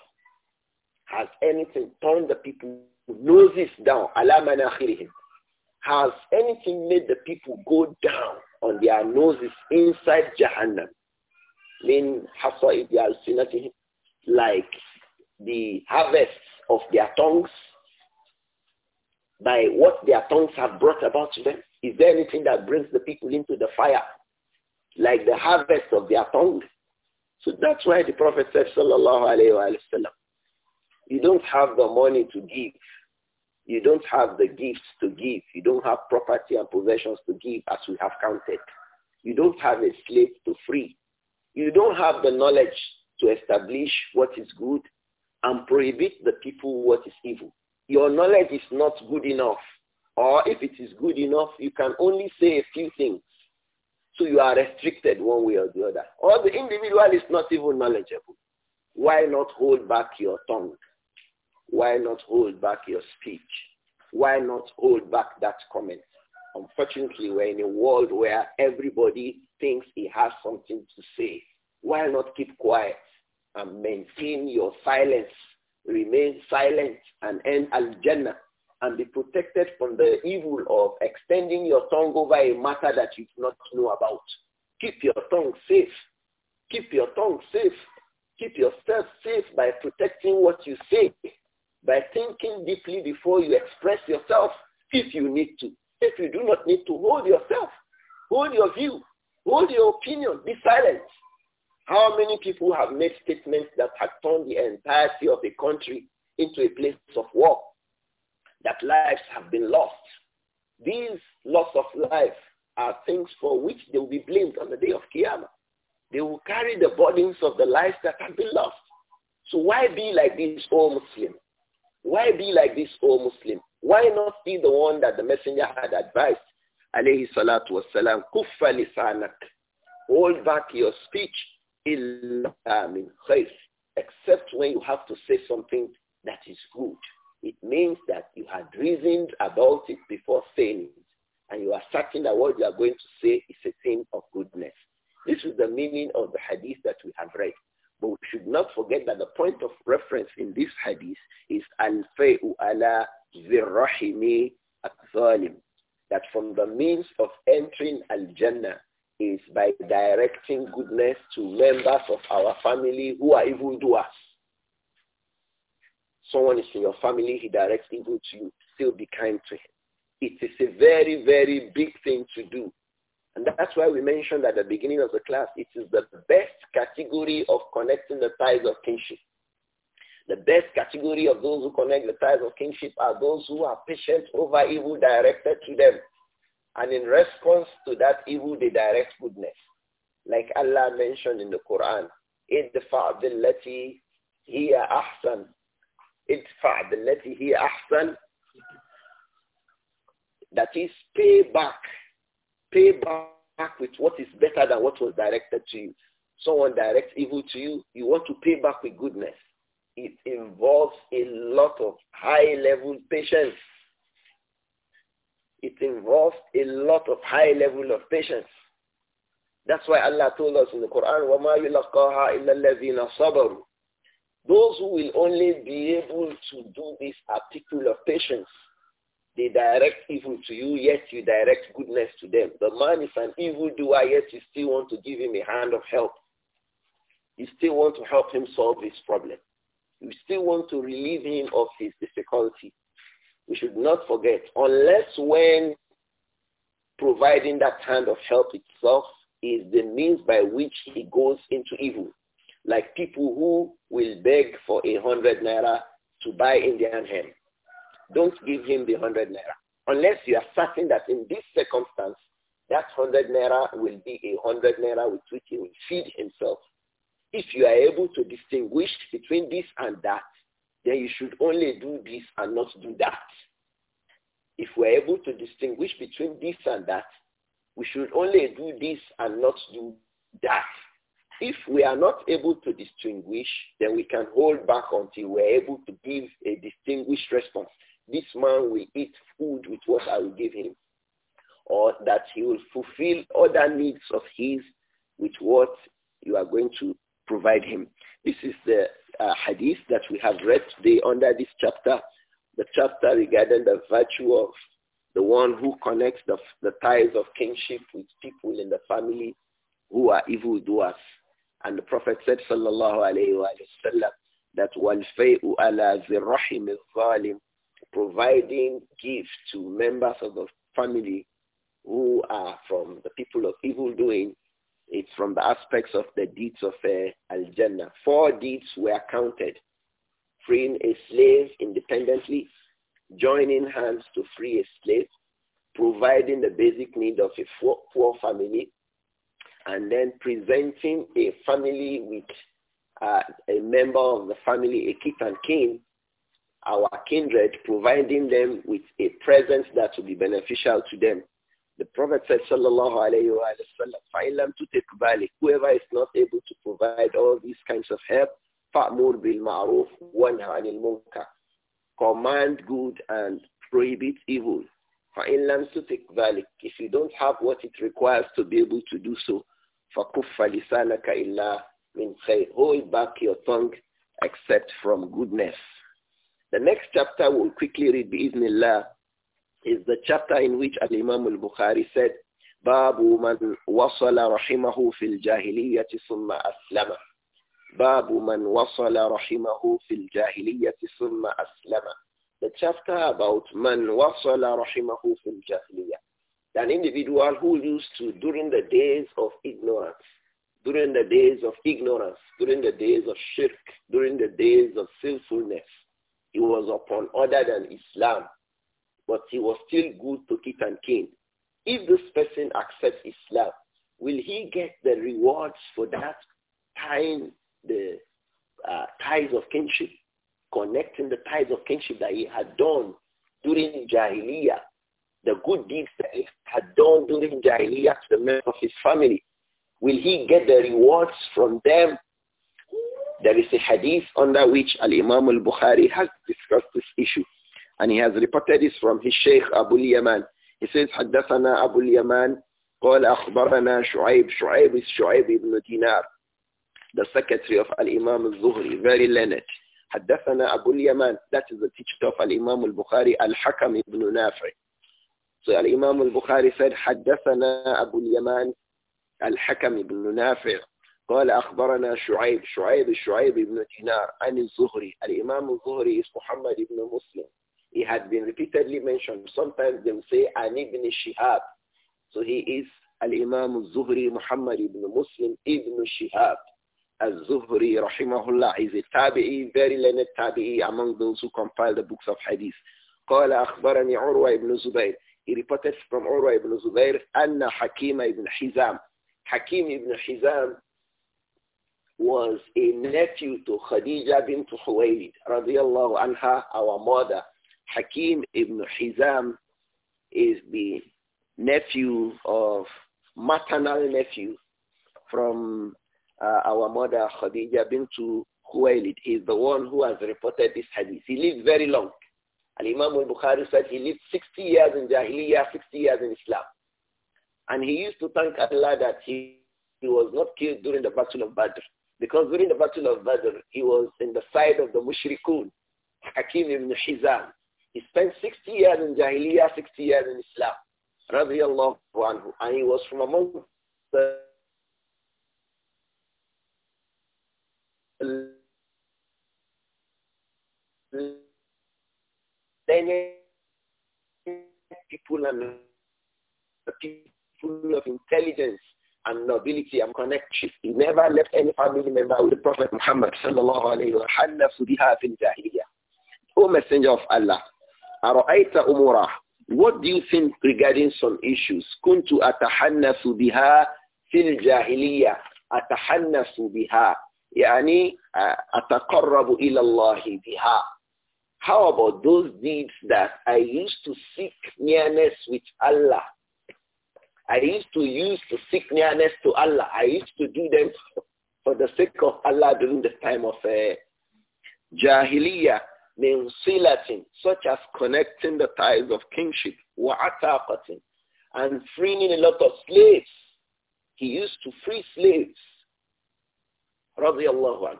Has anything turned the people's noses down, Has anything made the people go down on their noses inside Jahannam? Min hasaid al-sinatihim. Like the harvests of their tongues by what their tongues have brought about to them? Is there anything that brings the people into the fire like the harvest of their tongue? So that's why the Prophet said, Sallallahu Alaihi Wasallam, you don't have the money to give. You don't have the gifts to give. You don't have property and possessions to give as we have counted. You don't have a slave to free. You don't have the knowledge to establish what is good and prohibit the people what is evil. Your knowledge is not good enough. Or if it is good enough, you can only say a few things. So you are restricted one way or the other. Or the individual is not even knowledgeable. Why not hold back your tongue? Why not hold back your speech? Why not hold back that comment? Unfortunately, we're in a world where everybody thinks he has something to say. Why not keep quiet and maintain your silence? Remain silent and end al-Jannah and be protected from the evil of extending your tongue over a matter that you do not know about. Keep your tongue safe. Keep your tongue safe. Keep yourself safe by protecting what you say by thinking deeply before you express yourself if you need to. If you do not need to, hold yourself. Hold your view. Hold your opinion. Be silent. How many people have made statements that have turned the entirety of the country into a place of war? That lives have been lost. These loss of life are things for which they will be blamed on the day of Qiyamah. They will carry the burdens of the lives that have been lost. So why be like this, O Muslims? Why be like this, all Muslim? Why not be the one that the messenger had advised? Alayhi salatu wasalam, kuffa lisanak. Hold back your speech in min Except when you have to say something that is good. It means that you had reasoned about it before saying it. And you are certain that what you are going to say is a thing of goodness. This is the meaning of the hadith that we have read. But we should not forget that the point of reference in this hadith is al-fay'u ala zirrahimi al-zalim. That from the means of entering al-jannah is by directing goodness to members of our family who are evil doers. Someone is in your family, he directs evil to you, still be kind to him. It is a very, very big thing to do. And that's why we mentioned at the beginning of the class, it is the best category of connecting the ties of kinship. The best category of those who connect the ties of kinship are those who are patient over evil directed to them. And in response to that evil, they direct goodness. Like Allah mentioned in the Quran, idfa billati hiya ahsan. Idfa billati hiya ahsan. That is pay back. Pay back with what is better than what was directed to you someone directs evil to you, you want to pay back with goodness. It involves a lot of high-level patience. It involves a lot of high level of patience. That's why Allah told us in the Quran, وَمَا يُلَقَّاهَا إِلَّا الَّذِينَ صَبَرُوا Those who will only be able to do this particular patience, they direct evil to you, yet you direct goodness to them. The man is an evildoer, yet you still want to give him a hand of help. You still want to help him solve his problem. You still want to relieve him of his difficulty. We should not forget, unless when providing that kind of help itself is the means by which he goes into evil. Like people who will beg for a hundred naira to buy Indian ham. Don't give him the hundred naira. Unless you are certain that in this circumstance, that hundred naira will be a hundred naira with which he will feed himself if you are able to distinguish between this and that, then you should only do this and not do that. If we're able to distinguish between this and that, we should only do this and not do that. If we are not able to distinguish, then we can hold back until we're able to give a distinguished response. This man will eat food with what I will give him, or that he will fulfill other needs of his with what you are going to provide him. This is the uh, hadith that we have read today under this chapter, the chapter regarding the virtue of the one who connects the, the ties of kinship with people in the family who are evil doers. And the Prophet said, sallallahu alayhi wa sallam, that وَالْفَيْءُ عَلَى ذِرَّحِمِ الظَّالِمِ providing gifts to members of the family who are from the people of evil doing it's from the aspects of the deeds of uh, Al-Jannah. Four deeds were counted. Freeing a slave independently, joining hands to free a slave, providing the basic need of a poor, poor family, and then presenting a family with uh, a member of the family, a kith and kin, our kindred, providing them with a present that will be beneficial to them. The Prophet said, sallallahu alayhi to take فَإِلَّمْ Whoever is not able to provide all these kinds of help, bil بِالْمَعْرُوفِ wa'nha عَنِ munkar. Command good and prohibit evil. فَإِلَّمْ تُتِكْ ذَلِكَ If you don't have what it requires to be able to do so, فَكُفَّ لِسَانَكَ illa min خَيْرٍ Hold back your tongue except from goodness. The next chapter we'll quickly read, Bismillah is the chapter in which Al-Imam al-Bukhari said, Babu man wasala rahimahu fil jahiliyyati summa aslama. Babu man wasala rahimahu fil jahiliyyati summa aslama. The chapter about man wasala rahimahu fil jahiliyyah. An individual who used to, during the days of ignorance, during the days of ignorance, during the days of shirk, during the days of sinfulness, he was upon other than Islam but he was still good to kit and kin. If this person accepts Islam, will he get the rewards for that tying the uh, ties of kinship, connecting the ties of kinship that he had done during Jahiliyyah, the good deeds that he had done during Jahiliyyah to the members of his family? Will he get the rewards from them there is a hadith under which Al-Imam al-Bukhari has discussed this issue. And he has reported this from his Sheikh Abu Yaman. He says, حدثنا أبو اليمان قال أخبرنا شعيب شعيب is شعيب ibn Dinar, the secretary of Al-Imam al-Zuhri, very learned. حدثنا أبو اليمان, that is the teacher of Al-Imam al-Bukhari, Al-Hakam ibn Nafi. So Al-Imam al-Bukhari said, حدثنا أبو اليمان الحكم ibn نافع قال أخبرنا شعيب شعيب شعيب بن دينار عن الزهري الإمام الزهري is محمد بن مسلم it had been repeatedly mentioned. Sometimes they will say, An ibn Shihab. So he is Al-Imam zuhri Muhammad ibn Muslim ibn Shihab. Al-Zuhri, rahimahullah, is a tabi'i, very learned tabi'i among those who compile the books of hadith. قال أخبرني عروة ibn Zubair. He reported from Urwa ibn Zubair, أن حكيم ibn Hizam. Hakim ibn Hizam was a nephew to Khadija bint Khuwaylid, radiallahu anha, our mother, Hakim ibn Hizam is the nephew of maternal nephew from uh, our mother Khadija bin Khuwailid. He is the one who has reported this hadith. He lived very long. Al-Imam al-Bukhari said he lived 60 years in Jahiliyyah, 60 years in Islam. And he used to thank Allah that he, he was not killed during the Battle of Badr. Because during the Battle of Badr, he was in the side of the Mushrikun, Hakim ibn Hizam. He spent 60 years in Jahiliyyah, 60 years in Islam. anhu. And he was from among the people and people of intelligence and nobility and connection. He never left any family member with the Prophet Muhammad sallallahu alayhi wa sallam biha Messenger of Allah, أرأيت What do you think regarding some issues? كنت أتحنث بها في الجاهلية أتحنث بها يعني أتقرب إلى الله بها How about those deeds that I used to seek nearness with Allah? I used to use to seek nearness to Allah. I used to do them for the sake of Allah during the time of uh, Jahiliyyah min silatin, such as connecting the ties of kingship, wa'ataqatin, and freeing a lot of slaves. He used to free slaves, radiallahu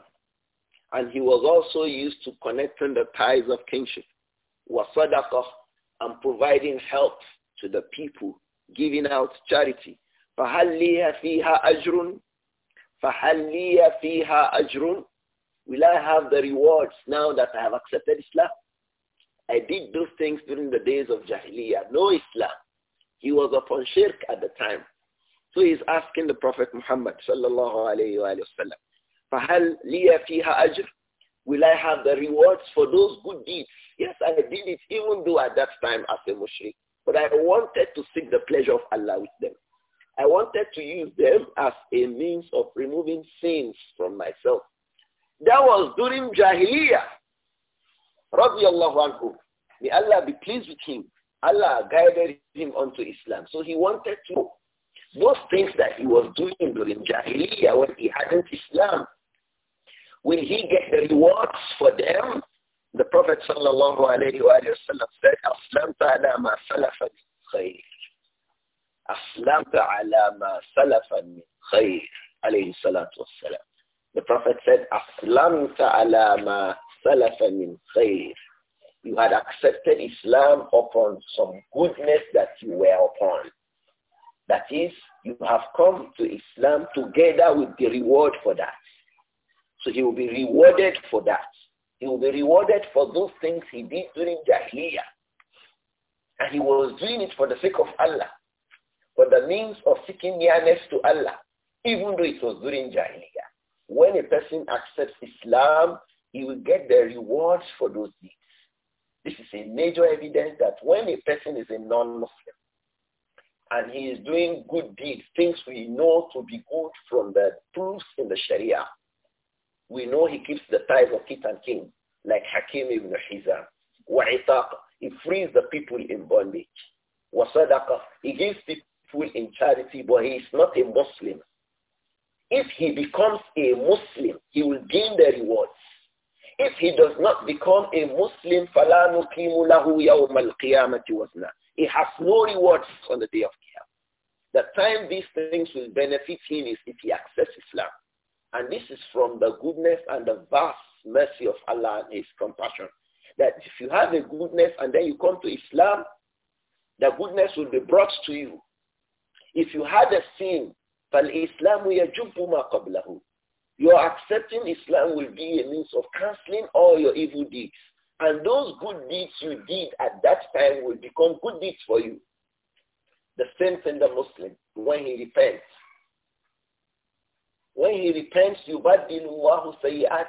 And he was also used to connecting the ties of kingship, wa and providing help to the people, giving out charity. فَهَلِّيَ فِيهَا أَجْرٌ فَهَلِّيَ فِيهَا أَجْرٌ Will I have the rewards now that I have accepted Islam? I did those things during the days of Jahiliyyah. No Islam. He was upon shirk at the time. So he's asking the Prophet Muhammad sallallahu alayhi wa sallam, فَهَلْ لِيَ فِيهَا أَجْرٍ Will I have the rewards for those good deeds? Yes, I did it even though at that time as a mushrik. But I wanted to seek the pleasure of Allah with them. I wanted to use them as a means of removing sins from myself. That was during Jahiliyyah. Radiallahu anhu. May Allah be pleased with him. Allah guided him onto Islam. So he wanted to know those things that he was doing during Jahiliyyah when he hadn't Islam. Will he get the rewards for them? The Prophet sallallahu alayhi wa said, Aslamta ala ma salafa min khayr. Aslamta ala ma salafa min khayr. Alayhi salatu salam. The Prophet said, أَسْلَمْتَ عَلَى مَا سَلَفَ مِنْ خَيْرٍ You had accepted Islam upon some goodness that you were upon. That is, you have come to Islam together with the reward for that. So he will be rewarded for that. He will be rewarded for those things he did during Jahiliyyah. And he was doing it for the sake of Allah, for the means of seeking nearness to Allah, even though it was during Jahiliyyah. When a person accepts Islam, he will get the rewards for those deeds. This is a major evidence that when a person is a non-Muslim and he is doing good deeds, things we know to be good from the proofs in the Sharia, we know he keeps the ties of kit and king, like Hakim ibn Hizam. وعتاق, he frees the people in bondage. وصدقة, he gives people in charity, but he is not a Muslim. If he becomes a Muslim, he will gain the rewards. If he does not become a Muslim, فَلَا نُقِيمُ لَهُ يَوْمَ الْقِيَامَةِ وَزْنًا He has no rewards on the day of Qiyamah. The time these things will benefit him is if he accepts Islam. And this is from the goodness and the vast mercy of Allah and his compassion. That if you have a goodness and then you come to Islam, the goodness will be brought to you. If you had a sin فَالْإِسْلَامُ يَجُبُّ مَا قَبْلَهُ Your accepting Islam will be a means of cancelling all your evil deeds. And those good deeds you did at that time will become good deeds for you. The same thing the Muslim, when he repents. When he repents, يُبَدِّلُ اللَّهُ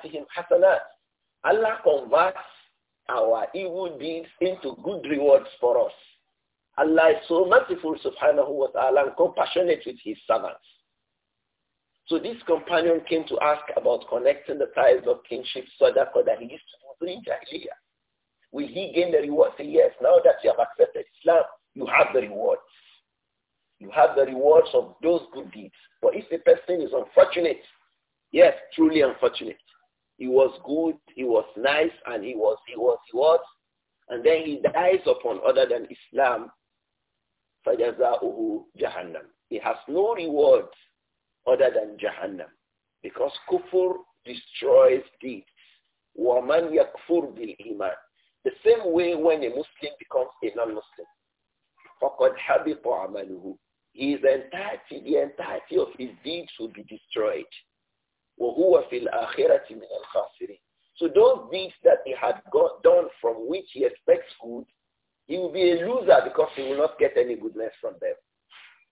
him حَسَنَاتٍ Allah converts our evil deeds into good rewards for us. Allah is so merciful, subhanahu wa ta'ala, and compassionate with his servants. So this companion came to ask about connecting the ties of kinship, sadaqah that he used to do in Jahiliyyah. Will he gain the reward? Say yes. Now that you have accepted Islam, you have the rewards. You have the rewards of those good deeds. But if the person is unfortunate, yes, truly unfortunate. He was good, he was nice, and he was, he was, he was. And then he dies upon other than Islam. فَجَزَاؤُهُ جَهَنَّمُ He has no reward other than Jahannam. Because kufr destroys deeds. وَمَنْ bil iman. The same way when a Muslim becomes a non-Muslim. فَقَدْ حَبِطَ عَمَلُهُ His entirety, the entirety of his deeds will be destroyed. وَهُوَ فِي الْآخِرَةِ مِنَ الْخَاسِرِينَ So those deeds that he had got done from which he expects good, he will be a loser because he will not get any goodness from them.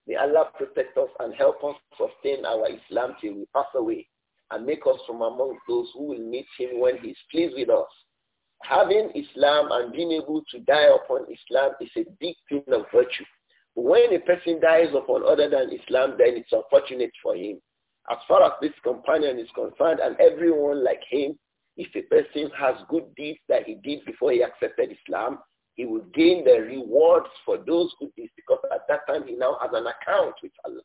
May Allah protect us and help us sustain our Islam till we pass away and make us from among those who will meet him when he is pleased with us. Having Islam and being able to die upon Islam is a big thing of virtue. When a person dies upon other than Islam, then it's unfortunate for him. As far as this companion is concerned and everyone like him, if a person has good deeds that he did before he accepted Islam, he will gain the rewards for those good deeds because at that time he now has an account with Allah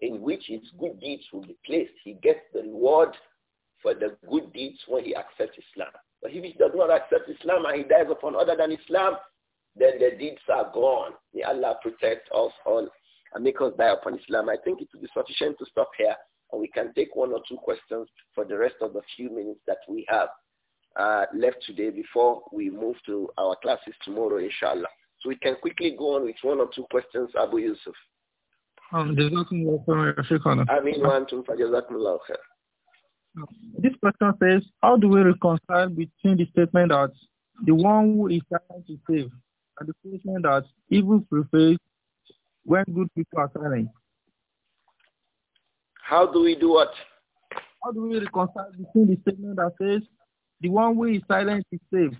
in which his good deeds will be placed. He gets the reward for the good deeds when he accepts Islam. But if he does not accept Islam and he dies upon other than Islam, then the deeds are gone. May Allah protect us all and make us die upon Islam. I think it will be sufficient to stop here and we can take one or two questions for the rest of the few minutes that we have uh, left today before we move to our classes tomorrow, inshallah. So we can quickly go on with one or two questions, Abu Yusuf. Um, this question says, how do we reconcile between the statement that the one who is trying to save and the statement that evil prevails when good people are silent? How do we do what? How do we reconcile between the statement that says the one who is silent is safe.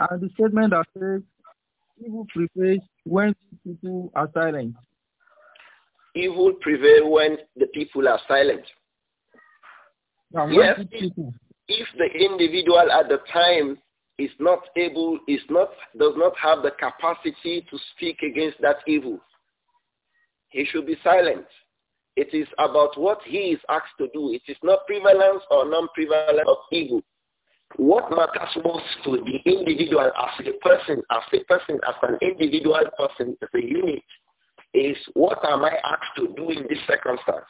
And the statement that says, evil prevails when people are silent. Evil prevails when the people are silent. Now, yes, if, if the individual at the time is not able, is not, does not have the capacity to speak against that evil, he should be silent. It is about what he is asked to do. It is not prevalence or non-prevalence of evil. What matters most to the individual as a person, as a person, as an individual person, as a unit, is what am I asked to do in this circumstance?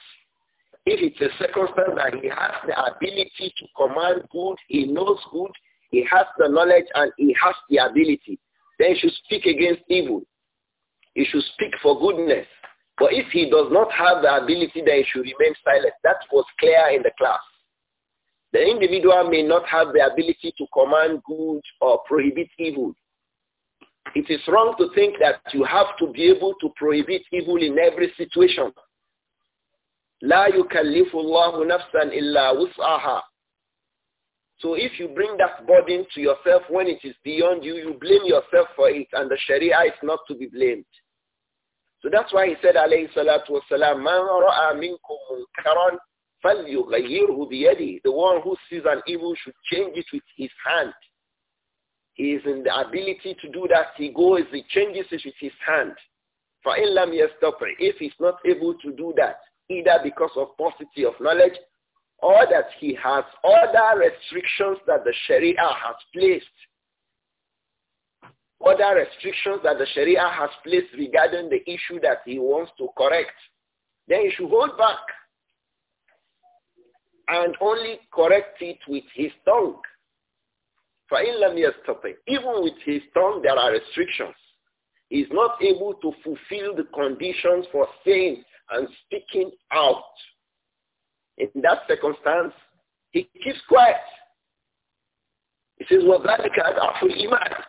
If it's a circumstance that he has the ability to command good, he knows good, he has the knowledge and he has the ability, then he should speak against evil. He should speak for goodness. But if he does not have the ability, then he should remain silent. That was clear in the class. The individual may not have the ability to command good or prohibit evil. It is wrong to think that you have to be able to prohibit evil in every situation. لا يكلف الله نفسا إلا so if you bring that burden to yourself when it is beyond you, you blame yourself for it and the Sharia is not to be blamed. So that's why he said, alayhi salatu wasalam, man ra'a minkum munkaran فَلْيُغَيِّرْهُ بِيَدِهِ The one who sees an evil should change it with his hand. He is in the ability to do that. He goes, he changes it with his hand. فَإِنْ لَمْ يَسْتَطِعْ If he's not able to do that, either because of paucity of knowledge or that he has other restrictions that the Sharia has placed other restrictions that the Sharia has placed regarding the issue that he wants to correct, then he should hold back and only correct it with his tongue. For لَمْ يَسْتَطِعْ Even with his tongue, there are restrictions. He's not able to fulfill the conditions for saying and speaking out. In that circumstance, he keeps quiet. He says, وَذَلِكَ أَدْعَفُ الْإِيمَانِ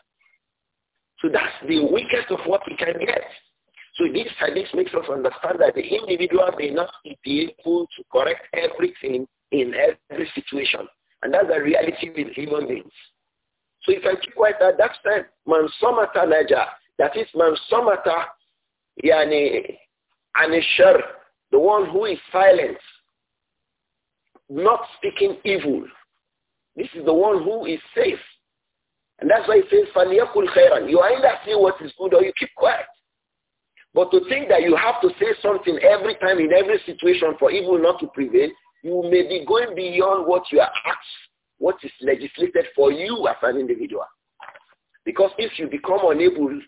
So that's the weakest of what we can get. So this this makes us understand that the individual may not be able to correct everything in every situation. And that's the reality with human beings. So if I keep quiet at that time. Man somata naja. That is man somata yani anishar. The one who is silent. Not speaking evil. This is the one who is safe. And that's why it says, "Faniyakul khairan." You either say what is good or you keep quiet. But to think that you have to say something every time in every situation for evil not to prevail you may be going beyond what you are asked, what is legislated for you as an individual. Because if you become unable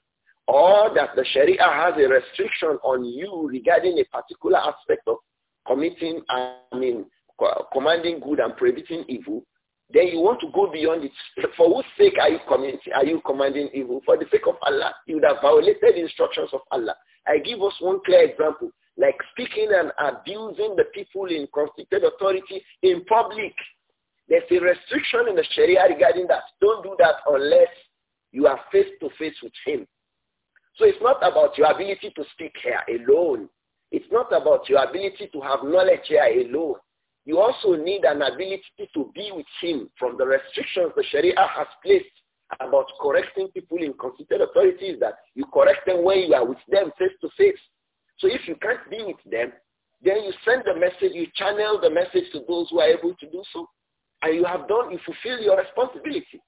or that the Sharia has a restriction on you regarding a particular aspect of committing, I mean, commanding good and prohibiting evil, then you want to go beyond it. For whose sake are you committing, are you commanding evil? For the sake of Allah, you would have violated the instructions of Allah. I give us one clear example like speaking and abusing the people in constituted authority in public. There's a restriction in the Sharia regarding that. Don't do that unless you are face to face with him. So it's not about your ability to speak here alone. It's not about your ability to have knowledge here alone. You also need an ability to be with him from the restrictions the Sharia has placed about correcting people in constituted authorities that you correct them when you are with them face to face. So if you can't be with them, then you send the message, you channel the message to those who are able to do so. And you have done, you fulfill your responsibility.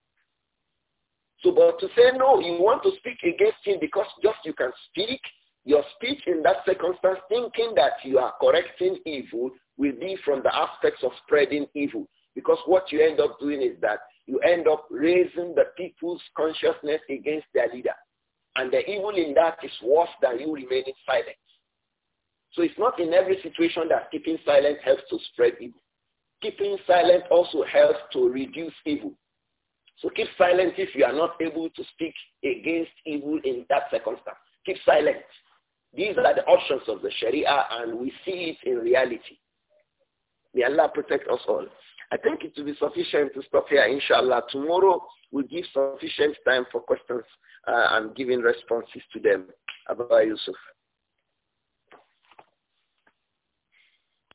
So but to say no, you want to speak against him because just you can speak, your speech in that circumstance, thinking that you are correcting evil, will be from the aspects of spreading evil. Because what you end up doing is that you end up raising the people's consciousness against their leader. And the evil in that is worse than you remaining silent. So it's not in every situation that keeping silent helps to spread evil. Keeping silent also helps to reduce evil. So keep silent if you are not able to speak against evil in that circumstance. Keep silent. These are the options of the Sharia and we see it in reality. May Allah protect us all. I think it will be sufficient to stop here, inshallah. Tomorrow we'll give sufficient time for questions uh, and giving responses to them. Abba Yusuf.